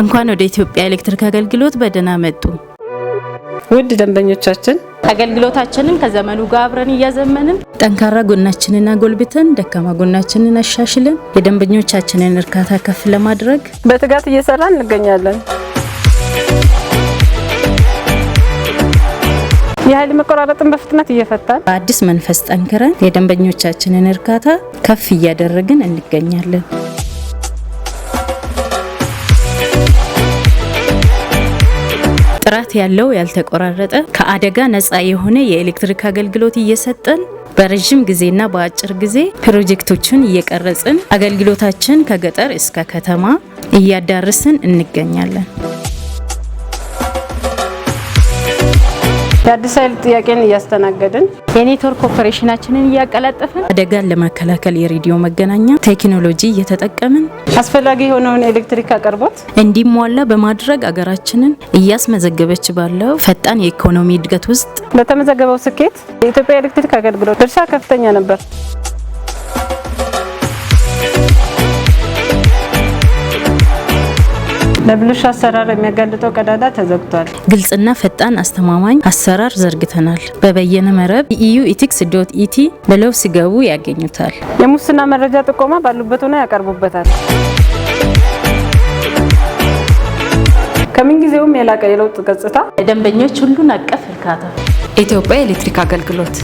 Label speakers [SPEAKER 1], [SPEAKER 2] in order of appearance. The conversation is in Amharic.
[SPEAKER 1] እንኳን ወደ ኢትዮጵያ ኤሌክትሪክ አገልግሎት በደህና መጡ።
[SPEAKER 2] ውድ ደንበኞቻችን
[SPEAKER 1] አገልግሎታችንን ከዘመኑ ጋር አብረን እያዘመንን ጠንካራ ጎናችንን አጎልብተን ደካማ ጎናችንን አሻሽለን የደንበኞቻችንን እርካታ ከፍ ለማድረግ
[SPEAKER 2] በትጋት እየሰራን እንገኛለን። የኃይል መቆራረጥን በፍጥነት እየፈታን
[SPEAKER 1] በአዲስ መንፈስ ጠንክረን የደንበኞቻችንን እርካታ ከፍ እያደረግን እንገኛለን። ጥራት ያለው ያልተቆራረጠ ከአደጋ ነጻ የሆነ የኤሌክትሪክ አገልግሎት እየሰጠን በረዥም ጊዜና በአጭር ጊዜ ፕሮጀክቶችን እየቀረጽን አገልግሎታችን ከገጠር እስከ ከተማ እያዳረስን እንገኛለን።
[SPEAKER 2] የአዲስ ኃይል ጥያቄን እያስተናገድን
[SPEAKER 1] የኔትወርክ ኦፐሬሽናችንን እያቀላጠፍን አደጋን ለመከላከል የሬዲዮ መገናኛ ቴክኖሎጂ እየተጠቀምን
[SPEAKER 2] አስፈላጊ የሆነውን ኤሌክትሪክ አቅርቦት
[SPEAKER 1] እንዲሟላ በማድረግ አገራችንን እያስመዘገበች ባለው ፈጣን የኢኮኖሚ እድገት ውስጥ
[SPEAKER 2] በተመዘገበው ስኬት የኢትዮጵያ ኤሌክትሪክ አገልግሎት ድርሻ ከፍተኛ ነበር። ለብልሹ አሰራር የሚያጋልጠው ቀዳዳ ተዘግቷል።
[SPEAKER 1] ግልጽና ፈጣን አስተማማኝ አሰራር ዘርግተናል። በበየነ መረብ ኢዩ ኢቲክስ ዶት ኢቲ ብለው ሲገቡ ያገኙታል።
[SPEAKER 2] የሙስና መረጃ ጥቆማ ባሉበት ሆነው ያቀርቡበታል። ከምንጊዜውም የላቀ የለውጥ ገጽታ
[SPEAKER 1] ደንበኞች ሁሉን አቀፍ እርካታ ኢትዮጵያ ኤሌክትሪክ አገልግሎት